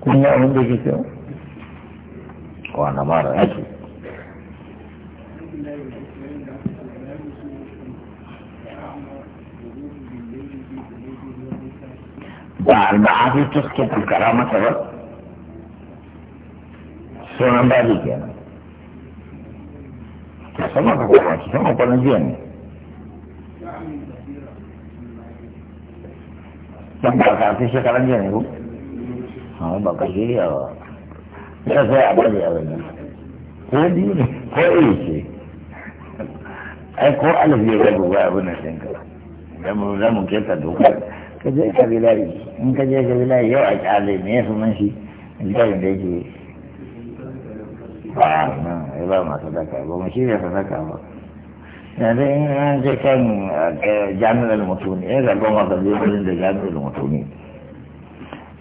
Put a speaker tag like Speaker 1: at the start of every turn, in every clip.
Speaker 1: kun yi abin da ke mara yaki? ba a fi tuskin karama ba sunan babi kenan sama ka kuma shi sama kwanan jiya ne dan ba ka fi shekaran jiya ne ko a ba ka shirya ba ya sai a bari a wani ko biyu ne ko iri ce ai ko alif ne ya gobe abin nan ɗinka zamu zamu keta dokar ka je ka bilari in ka je ka bilari yau a ƙyale me sunan shi littafin da yake ba na ya ba ma sadaka ba mu shirya sadaka ba yanzu in an je kan eh, jami'ar mutuni ya zaɓa masa eh, biyu da jami'ar mutuni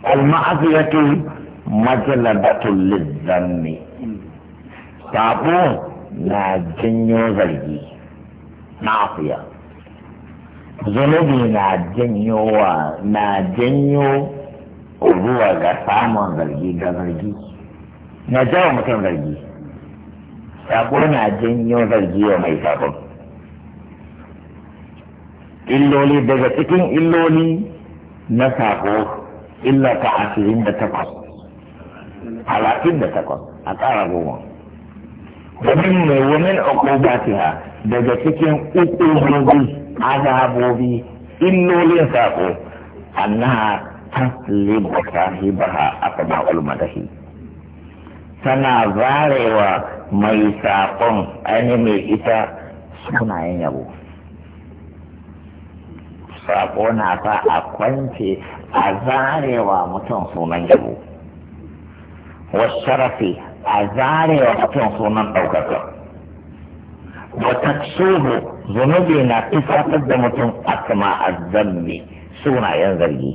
Speaker 1: al-ma'afiyatu eh, majalabatul lizzanni sabo na janyo zargi na ma'afiya zunubi na janyo wa na janyo zuwa ga samun zargi ga zargi na jawo mutum zargi sabo na janyo zargi wa mai sabon illoli daga cikin illoli na sabo illa ta ashirin da takwas talatin da takwas a ƙara goma domin mai wumin ha daga cikin uku ukubobi azabobi illolin sabo annaha a sahibaha asma'ul madahi tana zarewa mai saƙon ainihin mai ita sunayen yabo saƙo na fa a kwance a zarewa mutum sunan yabo wasu sharafi a zarewa mutum sunan ɗaukaka wata tsoho zunubi na tufatar da mutum asma suna sunayen zargi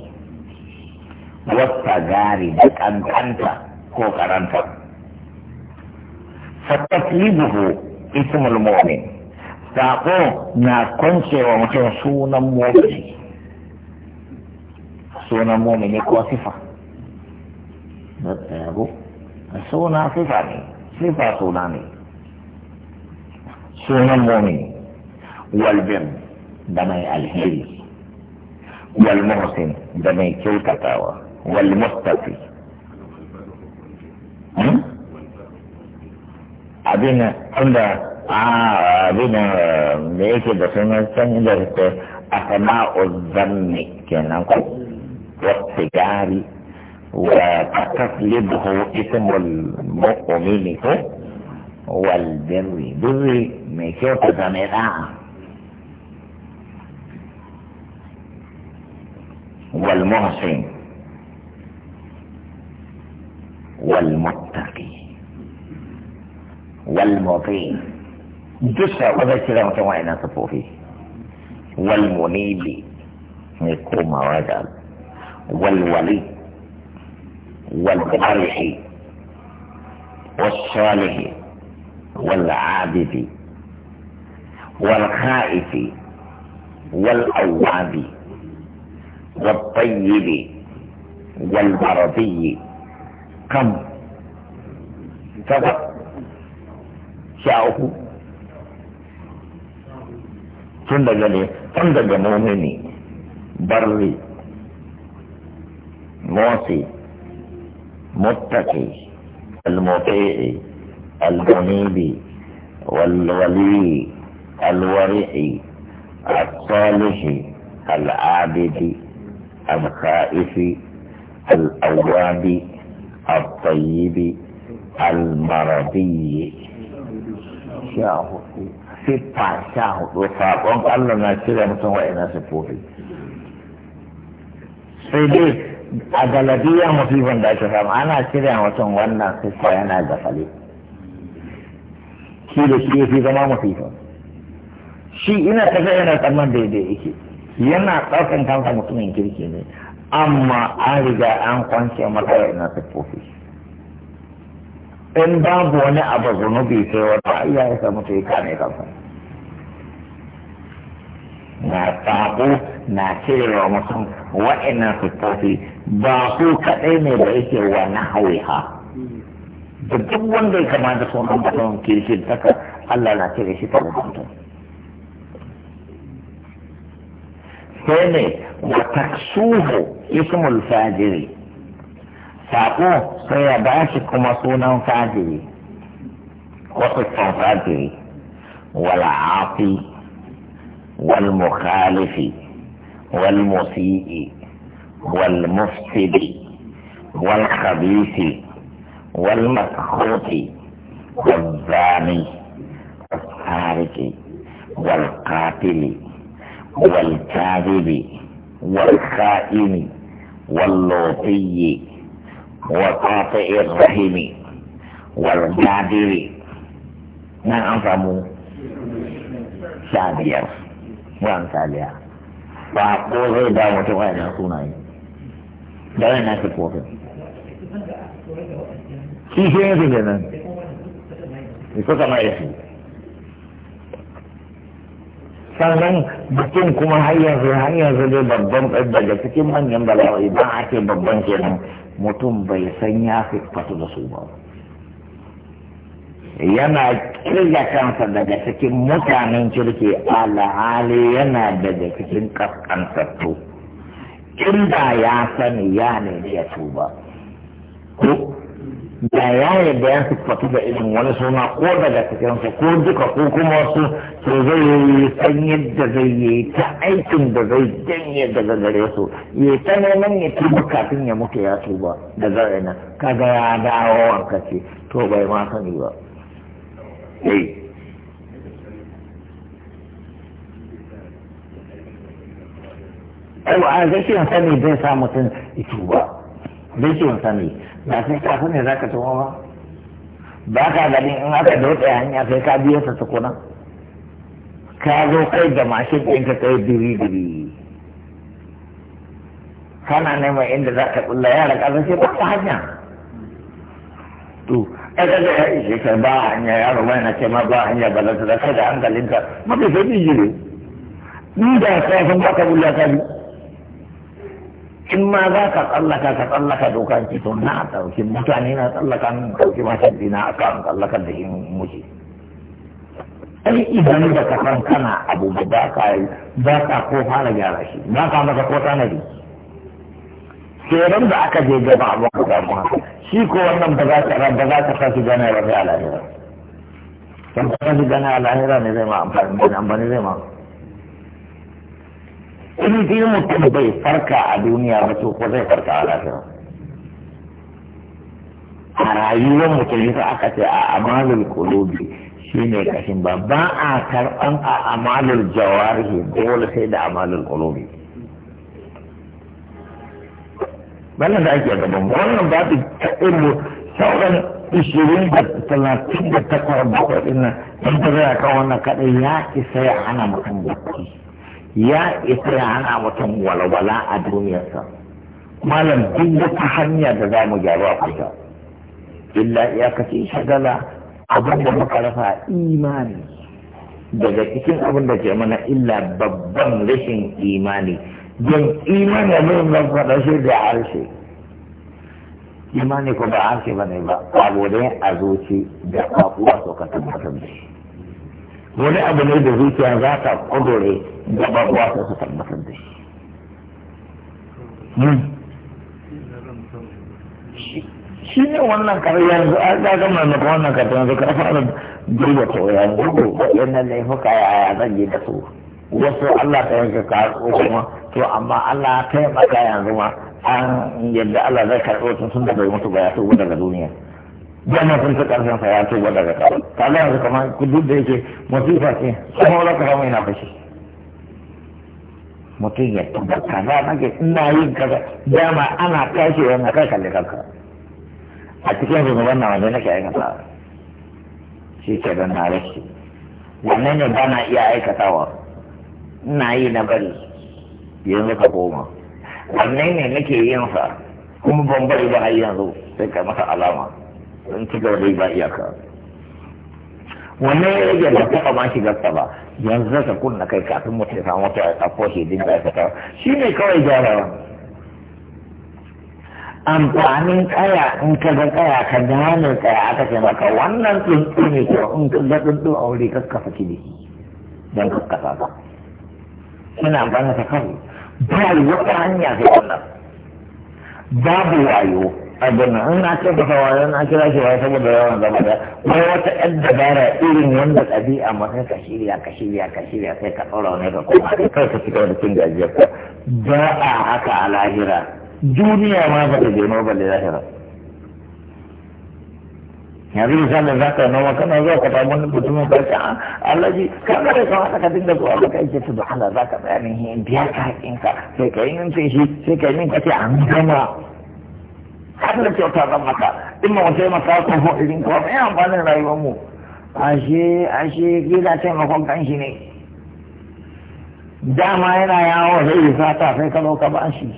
Speaker 1: wata gari da ƙanƙanta ko ƙarantar fataklibuhu ismul mu'min sako na kwancewa mutum sunan mu'min sunan mu'min ne ko sifa da tsayago suna sifa ne sifa suna ne sunan mai alheri والمحسن ده ما والمستفي abin wanda abin da yake da sunan can da ke asma'u zanni kenan ko wasu gari wa taslibuhu ismul mu'mini ko wal birri birri mai kyau ta zama da'a wal muhsin wal muttaqi والمطين جسا وذا كده متوعنا فيه والمنيب نقوم وجل والولي والقرح والصالح والعابد والخائف والأواب والطيب والمرضي كم فقط sha uku tun daga موسي متقي المطيع المنيب والولي الورع الصالح العابد الخائف الأواب الطيب المرضي sha hudu siffa sha hudu a galadiya da ake samu ana cire mutum wannan siffa yana gafale shi da shi yafi zama musibin shi ina tafiya yana tsamman daidai yake yana ɗaukan kansa mutumin kirki ne amma an riga an kwance masa wa'ina sifofi in babu wani abu zunubi sai wata ayya ya samu ta yi kame kansa na tabo na cewa mutum wa'annan siffofi ba su kaɗai ne da yake wa na hauha da duk wanda ya kama da sunan mutum shi taka Allah na cire shi ta mutum sai ne wa taksuhu ismul fajiri فأقو سيا باشي كما صونا فادي وقصة والعاطي والمخالف والمسيء والمفسد والخبيث والمسخوط والزاني والسارق والقاتل والكاذب والخائن واللوطي وقاطع الرحم والجادر nan an samu sha biyar ran taliya ba ko zai da mutum wayan sunaye da wayan nasu kofin shi shi sannan mutum kuma har yanzu har yanzu dai babban daga cikin manyan bala'o'i ba a ce babban kenan mutum bai san ya fito da su ba yana kirga kansa daga cikin mutanen kirki alhali yana daga cikin kaskantattu inda ya sani ya ne ya tuba ko da ya yarda ya sifatu da irin wani suna ko daga cikinsu ko duka ko kuma wasu su zai yi san yadda zai yi ta aikin da zai janye daga gare su ya ta neman ya tuba kafin ya mutu ya tuba daga ina kaga ya dawo wanka ce to bai ma sani ba eh a zai sani zai sa mutum ya tuba rikin sani ba sai ka sani za ka tumo ba ba ka ganin in aka dotse hanya sai ka biyo ta tukuna ka zo kai da mashin ɗin ka kai diri diri kana neman inda za ka kulla yara ƙasa sai ba hanya to ai ka ga ai sai ka ba hanya ya bai yana ce ma ba hanya balanta da kai da hankalinka mafi sai jiri ni da sai sun ka bulla ka biyu in ma za ka tsallaka ka tsallaka doka ce to na ɗauki mutane na tsallaka min ɗauki mashin dina a kan tsallakar da in muke ai idan da ka san kana abu da ba ka yi ba ka ko fara gyara shi ba ka maka ko tanadi kenan da aka je gaba ba ka samu haka shi ko wannan ba za ka ba za ka sashi gana ba sai a lahira kan ka sashi alahira ne zai ma amfani ne zai ma amfani in dai mutum bai farka a duniya ba to ko zai farka a lafiya a rayuwar mutum yasa aka ce a amalul kulubi shine kashin ba ba a karban a amalul jawarihi dole sai da amalul kulubi wannan da ake gaban wannan babu kaɗin mu sauran ishirin da talatin da takwas bakwai ɗin nan don ta zai kan wannan kaɗai ya isa ya hana mutum gaskiya ya isa ya hana mutum walwala a duniyarsa malam duk wata hanya da za mu gyaru a kusa illa ya kace shagala abin da muka rasa imani daga cikin abin da ke mana illa babban rashin imani don imani ne da faɗa shi da arshe imani ko ba arshe ba ne ba abu ne a zuci da kwakuwa so ka tabbatar da shi wani abu ne da zuciya za ta kudure gaba kuwa sai su tabbatar da shi hmm. shi ne wannan kare yanzu an ga gama na wannan kare yanzu ka fara duba to yanzu ne laifuka ya zan yi da su wasu Allah ta yanke ka kuma to amma Allah ta yi maka yanzu ma an yadda Allah zai karɓo tun sun da bai mutu ba ya tuba daga duniya jama sun ta ƙarshen sa ya tuba daga ƙasa kaga yanzu kamar duk da yake masifa ce kuma wala ka samu ina fashi mutum ya tabbata na nake ina yin kaza dama ana tashi wani kai kalli kanka a cikin zunuban na wanda nake aikata shi ke don na rashi wannan ne ba na iya aikatawa ina yi na bari yanzu ka koma wannan ne nake yin sa kuma ban bari ba har yanzu sai ka masa alama don ci gaba da ba iyaka wannan ya rage ba taɓa ma shigarsa ba yanzu zaka kunna kai kafin mutum ya samu wata ɗauko shi din da aka aikata shi ne kawai gyarawa amfanin kaya in ka ga kaya ka gane kaya aka ce maka wannan tsuntsu ne ko in ka ga tsuntsu a wuri kakkafa kiliki don kakkasa ba suna amfani da kawai ba wata hanya sai wannan babu wayo abin nan in ake da hawaye in ake zaki waye saboda yawan zama da mai wata yan dabara irin wanda ɗabi'a mutum ka shirya ka shirya ka shirya sai ka tsora wani ka koma kai ka fita wani cin gajiyar ka ba a haka a lahira duniya ma ba ta jeno ba lahira yanzu misalin za ka noma kana zuwa ka samu wani mutumin ka ce alhaji ka ga da kawai ka dinga zuwa ba ka ce subhanallah za ka bayanin hin biya ka hakinka sai ka yi yin sai shi sai ka yi yin ka ce an gama har da kyauta zan maka in ba yi taimaka ko ko irin ko amfani amfanin rayuwar mu ashe ashe gida kan kanshi ne dama yana yawo zai yi fata sai ka ka ba shi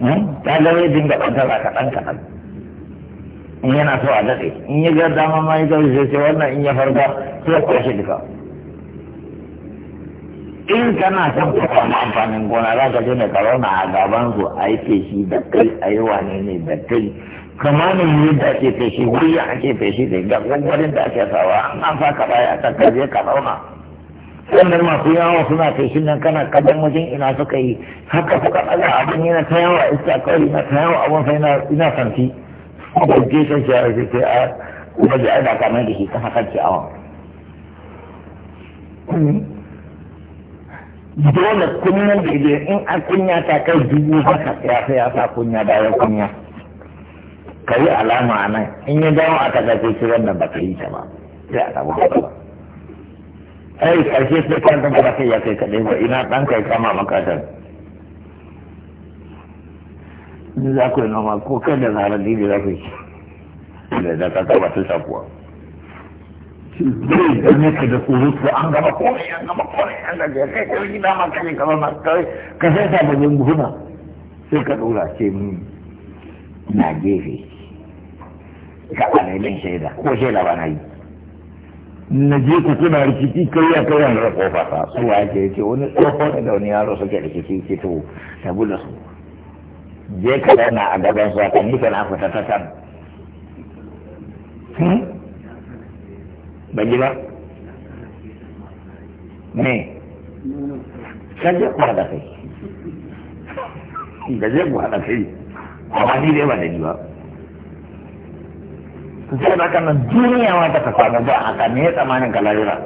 Speaker 1: hmm? ta zai dinga ɗaukar kaɗan kaɗan in yana so a daɗe in ya ga dama ma yi zai sai wannan in ya farga sai ya kwashe duka in kana son ka na amfanin gona za ka je ne ka a gaban su a yi feshi da kai a yi wane ne da kai kamar ne da ake feshi wuri ake feshi da ga gwangwarin da ake sawa an an ka baya ta ka je ka zauna sannan masu yawa suna feshi nan kana kadan wajen ina suka yi haka suka ɗaga abin yana ta yawa iska kawai na ta yawa abin sai ina santi ba je kan shi a yi sai a kuma ji aida kamar da shi kan hakan ciyawa. Hmm. dole kunyar da je in an kunya ta kai dubu haka ya sai ya sa kunya da ya kunya ka yi alama a nan in yi dawo a kaga sai shi wannan ba ka yi ta ba sai a samu ba ai karshe sai kan zama ba kai ya kai kaɗai ba ina ɗan kai kama makatar ni za ku yi noma ko kai da zarar dini za ku yi da ka kama ta sakuwa. zai gane ka da surutu an gama komai an gama komai an gaje kai kai gida ma kai ka ma kai ka sai ta da buhuna sai ka dora ce mun na gefe ka ba ne min shaida ko shaida ba na yi na je ku kuna rikici kai ya kai an rafa fasa su wa ke ce wani tsoho ne da wani yaro suke rikici ke to tabu da su je ka zauna a gaban su a kan yi kana fita ta can hmm? ban ji ba me Ka je ku haɗa kai da je ku haɗa kai amma ni dai ba da ji ba sai da kan duniya ma ta na ba a ka ne tsamanin kalarira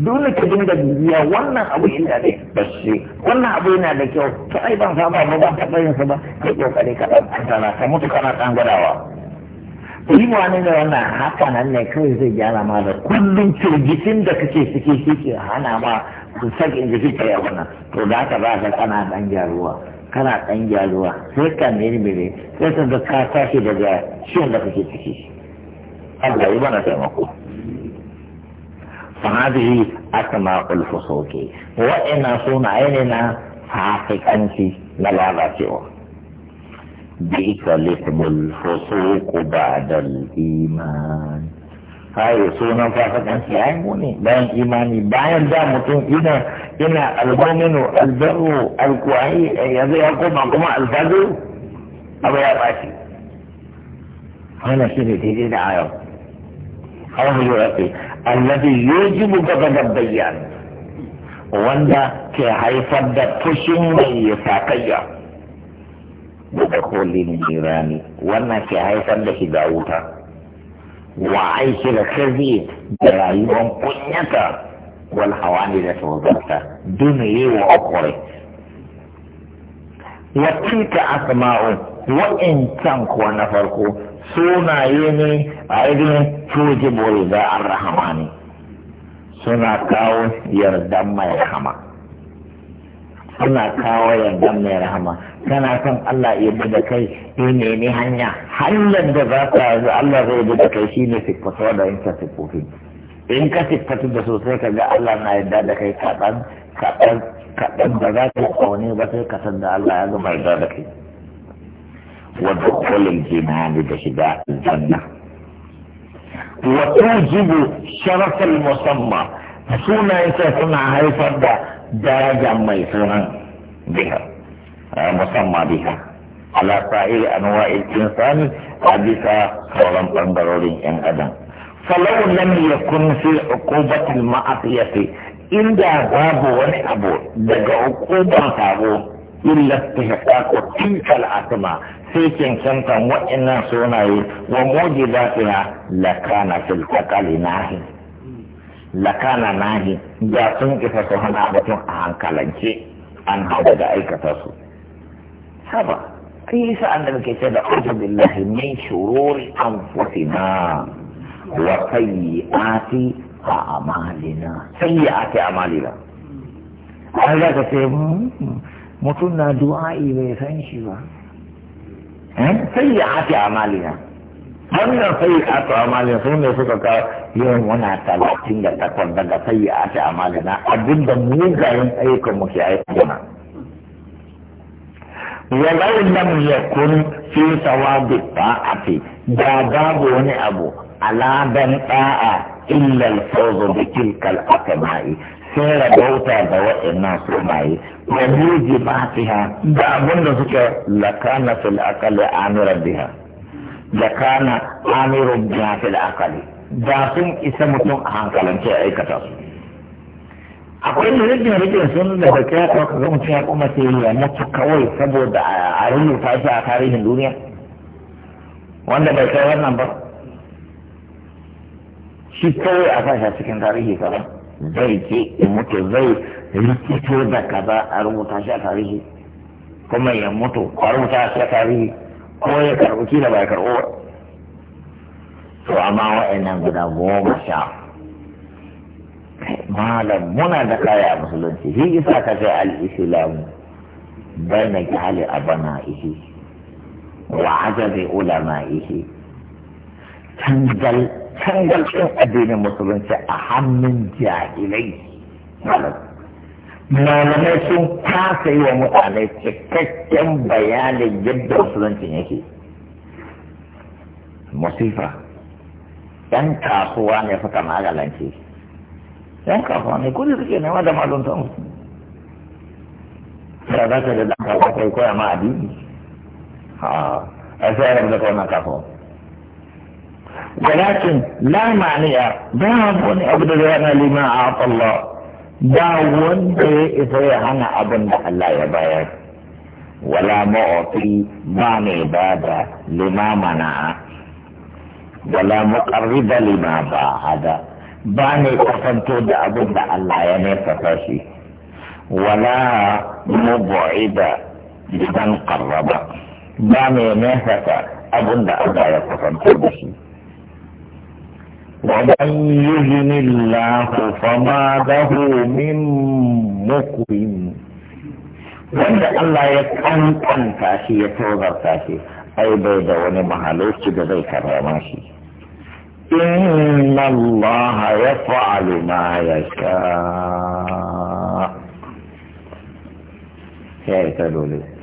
Speaker 1: dole ka da duniya wannan abu yana da shi wannan abu yana da kyau to ai ban saba ba ban ta bayin sa ba kai kokari ka dan tantana ka mutu kana ɗan gwadawa yi wani ne wannan haka nan ne kawai zai gyara ma da kullum firgitin da kake ciki suke hana ma su sakin jiki ka yi wannan to da haka ba ka kana dan gyaruwa kana dan gyaruwa sai ka mirmire sai ka ga ka tashi daga ciwon da kake ciki Allah yi mana taimako فهذه wa الفسوق suna سنعيننا hakikanci na lalacewa بئس الاسم الفسوق بعد الإيمان هاي سونا فاقد أنت عيموني بين إيماني بعين دا متون إنا إنا المؤمن البر الكوعي يذي يقوم أقوم الفجر أبا يا باشي أنا شفت هذه الآية أو يرقي الذي يوجب قبل البيان wanda ke haifar da fushin mai sakayya da dakolin jirani wannan ke haifar da shiga wuta wa aiki da kazi da rayuwar kunyata wal hawani da tozarta duna yi wa akwai A ta asma'u can kuwa na farko suna sunaye ne a ainihin tujibul da arrahamani suna kawo yardan mai hama. suna kawo yardan mai rahama kana son Allah ya bi da kai ya nemi hanya hanyar da za ta yanzu Allah zai bi da kai ne siffatuwa da in ka siffofi in ka siffatu da sosai ka ga Allah na yarda da kai kaɗan kaɗan kaɗan ba za ka ƙaune ba sai ka san da Allah ya gama yarda da kai wa dukhulul jinani da shiga aljanna wa tujibu sharafal musamman sunayen suna haifar da daraja mai sunan biha eh, musamman biha ala sa'ir anwa'il insani a bisa sauran bangarorin yan adam falau lam yakun fi uqubatil ma'asiyati inda babu wani abu daga uquban sabo illa istihqaqu tilka al-asma sai cancantan wa'annan sunaye wa mujibatiha lakana fil aqali nahi lakana nahi da sun isa su hana batun a hankalance an hau da aikata su saba kai an da muke ce da a'udhu min shururi anfusina wa a a'malina a a'malina an za ka ce hmm, mutum na du'a'i bai san shi ba eh? a a'malina wannan sai a to amalin su ne suka ka yau muna talatin da takwas daga sai a ta amalina abinda mugayen ayyukan mu ke aikata walau lam yakun fi sawabi ta'ati da babu wani abu ala dan da'a illa al-fawz bi tilka al-asma'i sai rabauta da wa'annan sunaye wa mujibatiha da abinda suke lakana fil aqli amira biha da kana amirun da akali da sun isa mutum a hankalance a aikata su akwai da rikin rikin sun da da kya ka ga ya kuma sai ya kawai saboda a rubuta shi a tarihin duniya wanda bai kai wannan ba shi kawai a sashi cikin tarihi kaza zai ke in mutu zai rikito da kaza a rubuta shi a tarihi kuma ya mutu a rubuta shi a tarihi ko ya karɓi kila ba ya karɓo to amma wa'annan guda goma sha malam muna da kaya a musulunci shi isa ka ce al-islamu a bana ishi. wa ajabi ulama'ihi ishi. tangal ɗin addinin musulunci a hannun jahilai malam malamai sun kasa yi wa mutane cikakken bayanin yadda musuluncin yake masifa yan kasuwa ne suka magalance yan kasuwa ne kudi suke nema da maluntan da za ka da dan kasuwa kai koya ma addini a sai yana da wannan kasuwa ولكن لا معنى ذهب أبدا لنا لما اعطى الله ba wanda ya isa ya hana abin da Allah ya bayar wala ma'ofi ba mai ba da lima mana'a wala muqarriba lima ba hada ba ne kasanto da abin da Allah ya nefasa shi wala mubu'ida idan qarraba ba mai nefasa abin da Allah ya kasanto da shi ومن يهن الله فما له من مكرم wanda Allah ya kankanta shi ya tozarta shi ai bai da wani mahaloci da zai karama shi inna Allah ya fa'alu ma ya sha